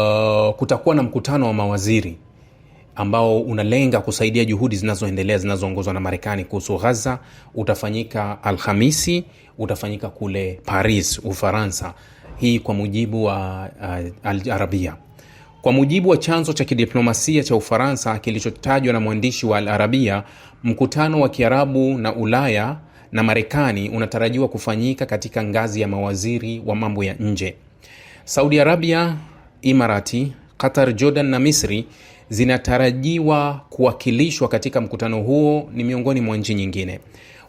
Uh, kutakuwa na mkutano wa mawaziri ambao unalenga kusaidia juhudi zinazoendelea zinazoongozwa na Marekani kuhusu ghaza Utafanyika Alhamisi, utafanyika kule Paris, Ufaransa, hii kwa mujibu wa uh, Al Arabia. Kwa mujibu wa chanzo cha kidiplomasia cha Ufaransa kilichotajwa na mwandishi wa Al Arabia, mkutano wa Kiarabu na Ulaya na Marekani unatarajiwa kufanyika katika ngazi ya mawaziri wa mambo ya nje. Saudi Arabia Imarati, Qatar, Jordan na Misri zinatarajiwa kuwakilishwa katika mkutano huo ni miongoni mwa nchi nyingine.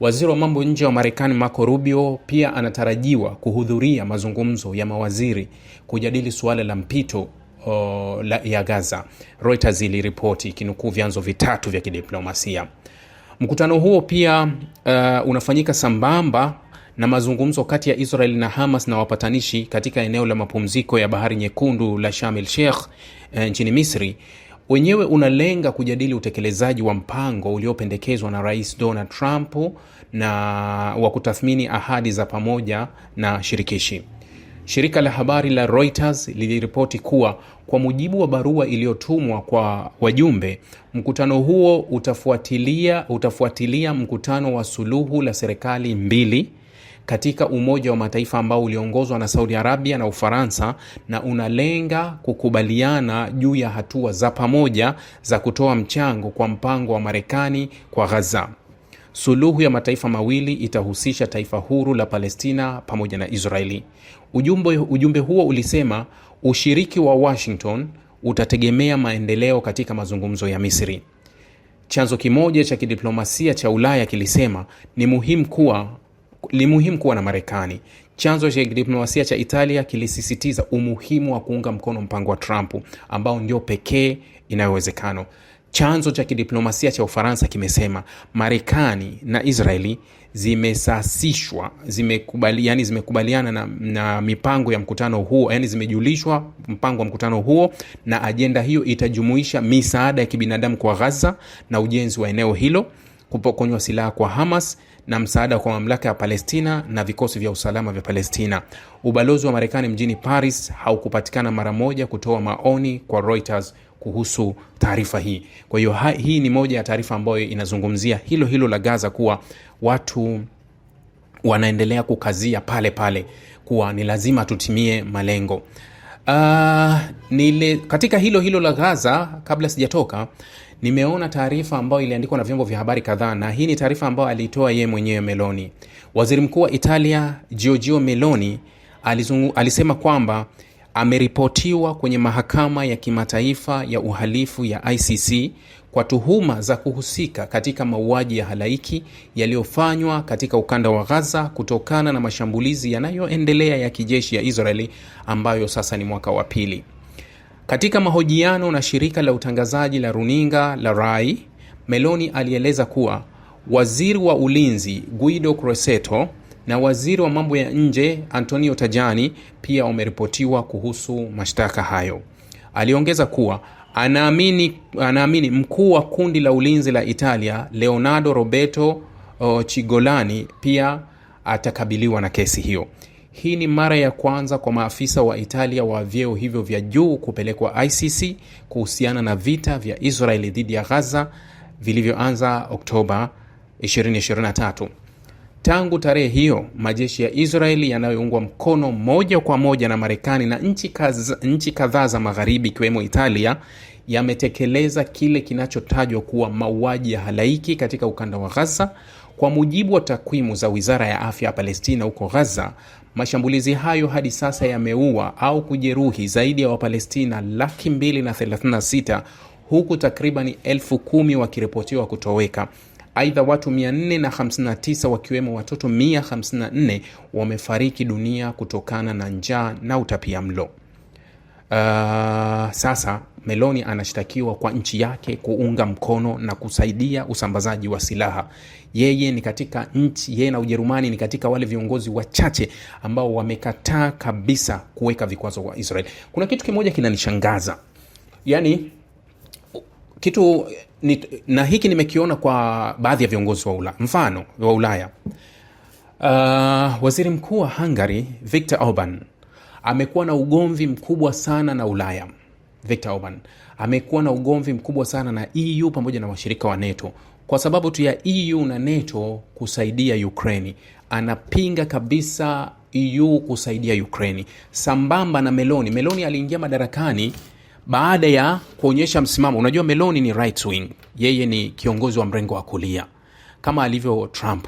Waziri wa mambo nje wa Marekani Marco Rubio pia anatarajiwa kuhudhuria mazungumzo ya mawaziri kujadili suala la mpito o, la, ya Gaza. Reuters iliripoti ikinukuu vyanzo vitatu vya kidiplomasia. Mkutano huo pia uh, unafanyika sambamba na mazungumzo kati ya Israel na Hamas na wapatanishi katika eneo la mapumziko ya Bahari Nyekundu la Sharm el Sheikh eh, nchini Misri wenyewe unalenga kujadili utekelezaji wa mpango uliopendekezwa na Rais Donald Trump na wa kutathmini ahadi za pamoja na shirikishi. Shirika la habari la Reuters liliripoti kuwa kwa mujibu wa barua iliyotumwa kwa wajumbe, mkutano huo utafuatilia utafuatilia mkutano wa suluhu la serikali mbili katika Umoja wa Mataifa ambao uliongozwa na Saudi Arabia na Ufaransa na unalenga kukubaliana juu ya hatua za pamoja za kutoa mchango kwa mpango wa Marekani kwa Gaza. Suluhu ya mataifa mawili itahusisha taifa huru la Palestina pamoja na Israeli. Ujumbe, ujumbe huo ulisema ushiriki wa Washington utategemea maendeleo katika mazungumzo ya Misri. Chanzo kimoja cha kidiplomasia cha Ulaya kilisema ni muhimu kuwa ni muhimu kuwa na Marekani. Chanzo cha diplomasia cha Italia kilisisitiza umuhimu wa kuunga mkono mpango wa Trump ambao ndio pekee inayowezekana. Chanzo cha kidiplomasia cha Ufaransa kimesema Marekani na Israeli zimesasishwa zimekubali, yani zimekubaliana na, na mipango ya mkutano huo, yani zimejulishwa mpango wa mkutano huo, na ajenda hiyo itajumuisha misaada ya kibinadamu kwa Gaza na ujenzi wa eneo hilo, kupokonywa silaha kwa Hamas na msaada kwa mamlaka ya Palestina na vikosi vya usalama vya Palestina. Ubalozi wa Marekani mjini Paris haukupatikana mara moja kutoa maoni kwa Reuters kuhusu taarifa hii. Kwa hiyo hii ni moja ya taarifa ambayo inazungumzia hilo hilo la Gaza kuwa watu wanaendelea kukazia pale pale kuwa ni lazima tutimie malengo. Uh, nile, katika hilo hilo la Gaza kabla sijatoka nimeona taarifa ambayo iliandikwa na vyombo vya habari kadhaa, na hii ni taarifa ambayo aliitoa yeye mwenyewe Meloni. Waziri mkuu wa Italia Giorgio Meloni alizungu, alisema kwamba ameripotiwa kwenye mahakama ya kimataifa ya uhalifu ya ICC kwa tuhuma za kuhusika katika mauaji ya halaiki yaliyofanywa katika ukanda wa ghaza kutokana na mashambulizi yanayoendelea ya kijeshi ya Israeli ambayo sasa ni mwaka wa pili. Katika mahojiano na shirika la utangazaji la runinga la Rai, Meloni alieleza kuwa waziri wa ulinzi Guido Crosetto na waziri wa mambo ya nje Antonio Tajani pia wameripotiwa kuhusu mashtaka hayo. Aliongeza kuwa anaamini, anaamini mkuu wa kundi la ulinzi la Italia Leonardo Roberto eh, Chigolani pia atakabiliwa na kesi hiyo. Hii ni mara ya kwanza kwa maafisa wa Italia wa vyeo hivyo vya juu kupelekwa ICC kuhusiana na vita vya Israeli dhidi ya Gaza vilivyoanza Oktoba 2023. Tangu tarehe hiyo majeshi ya Israeli yanayoungwa mkono moja kwa moja na Marekani na nchi kadhaa za magharibi ikiwemo Italia yametekeleza kile kinachotajwa kuwa mauaji ya halaiki katika ukanda wa Gaza. Kwa mujibu wa takwimu za wizara ya afya ya Palestina huko Gaza, Mashambulizi hayo hadi sasa yameua au kujeruhi zaidi ya Wapalestina laki mbili na thelathini na sita huku takribani elfu kumi wakiripotiwa kutoweka. Aidha, watu 459 wakiwemo watoto 154 wamefariki dunia kutokana na njaa na utapia mlo. Uh, sasa Meloni anashtakiwa kwa nchi yake kuunga mkono na kusaidia usambazaji wa silaha. Yeye ni katika nchi, yeye na Ujerumani ni katika wale viongozi wachache ambao wamekataa kabisa kuweka vikwazo kwa Israel. Kuna kitu kimoja kinanishangaza, yani kitu ni, na hiki nimekiona kwa baadhi ya viongozi wa Ulaya, mfano wa Ulaya. Uh, waziri mkuu wa Hungary Viktor Orban amekuwa na ugomvi mkubwa sana na Ulaya. Viktor Orban amekuwa na ugomvi mkubwa sana na EU pamoja na washirika wa NATO kwa sababu tu ya EU na NATO kusaidia Ukraini. Anapinga kabisa EU kusaidia Ukraini, sambamba na Meloni. Meloni aliingia madarakani baada ya kuonyesha msimamo. Unajua, Meloni ni right wing, yeye ni kiongozi wa mrengo wa kulia kama alivyo Trump.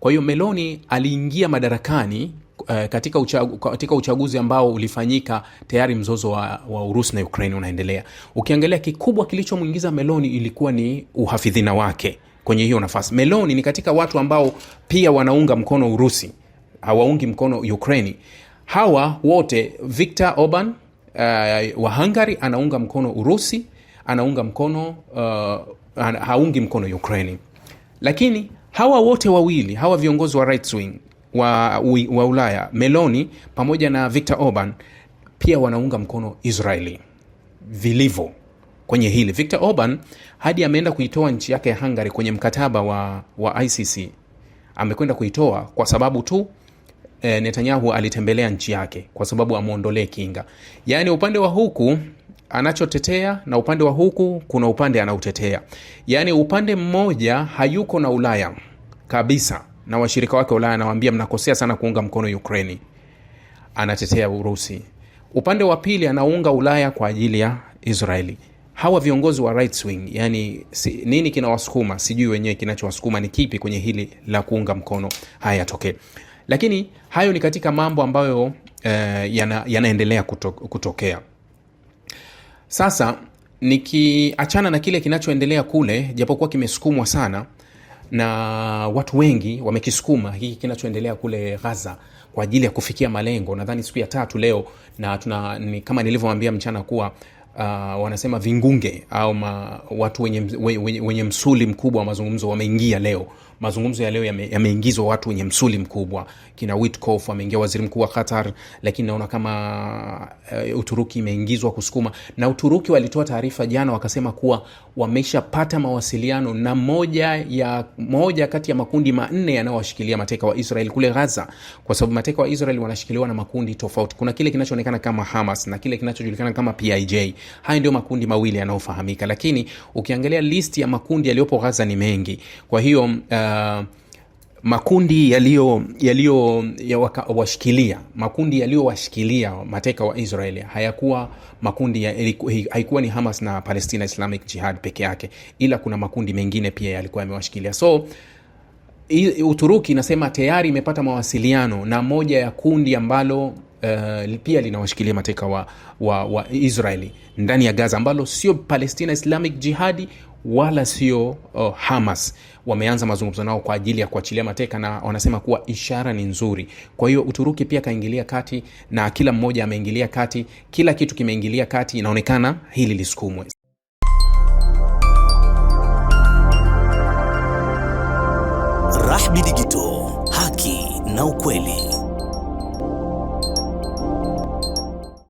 Kwa hiyo Meloni aliingia madarakani Eh, katika, uchagu, katika uchaguzi ambao ulifanyika tayari mzozo wa, wa Urusi na Ukraine unaendelea. Ukiangalia kikubwa kilichomwingiza Meloni ilikuwa ni uhafidhina wake kwenye hiyo nafasi. Meloni ni katika watu ambao pia wanaunga mkono Urusi, hawaungi mkono Ukraini. Hawa wote Viktor Orban uh, wa Hungary anaunga mkono Urusi, anaunga mkono uh, haungi mkono Ukraini, lakini hawa wote wawili hawa viongozi wa right wing wa, wa Ulaya Meloni pamoja na victo Orban pia wanaunga mkono Israeli vilivo kwenye hili. Viktor Orban hadi ameenda kuitoa nchi yake ya Hungary kwenye mkataba wa, wa ICC amekwenda kuitoa kwa sababu tu e, Netanyahu alitembelea nchi yake kwa sababu amwondolee kinga. Yaani upande wa huku anachotetea na upande wa huku kuna upande anautetea. Yaani upande mmoja hayuko na Ulaya kabisa na washirika wake Ulaya anawambia mnakosea sana kuunga mkono Ukraini, anatetea Urusi. Upande wa pili anaunga Ulaya kwa ajili ya Israeli. Hawa viongozi wa right wing, yani si, nini kinawasukuma? Sijui wenyewe kinachowasukuma ni kipi kwenye hili la kuunga mkono haya yatokee, lakini hayo ni katika mambo ambayo eh, yana, yanaendelea kuto, kutokea sasa nikiachana na kile kinachoendelea kule, japokuwa kimesukumwa sana na watu wengi wamekisukuma hiki kinachoendelea kule Gaza kwa ajili ya kufikia malengo. Nadhani siku ya tatu leo na tuna, ni, kama nilivyowaambia mchana kuwa uh, wanasema vingunge au ma, watu wenye, wenye, wenye msuli mkubwa wa mazungumzo wameingia leo mazungumzo ya leo yameingizwa yame watu wenye msuli mkubwa, kina witkof ameingia waziri mkuu wa Qatar, lakini naona kama uh, Uturuki imeingizwa kusukuma. Na Uturuki walitoa taarifa jana wakasema kuwa wameshapata mawasiliano na moja ya moja kati ya makundi manne yanayowashikilia mateka wa Israel kule Gaza, kwa sababu mateka wa Israel wanashikiliwa na makundi tofauti. Kuna kile kinachoonekana kama Hamas na kile kinachojulikana kama PIJ. Haya ndio makundi mawili yanayofahamika, lakini ukiangalia listi ya makundi yaliyopo Gaza ni mengi. Kwa hiyo uh, makundi yaliyo yaliyo washikilia makundi yaliyowashikilia mateka wa Israeli hayakuwa makundi ya, haikuwa ni Hamas na Palestina Islamic Jihad peke yake, ila kuna makundi mengine pia yalikuwa yamewashikilia. So Uturuki inasema tayari imepata mawasiliano na moja ya kundi ambalo Uh, pia linawashikilia mateka wa, wa, wa Israeli ndani ya Gaza ambalo sio Palestina Islamic Jihadi wala sio uh, Hamas wameanza mazungumzo nao kwa ajili ya kuachilia mateka na wanasema kuwa ishara ni nzuri. Kwa hiyo Uturuki pia kaingilia kati na kila mmoja ameingilia kati, kila kitu kimeingilia kati, inaonekana hili lisukumwe. Rahby Digital, haki na ukweli.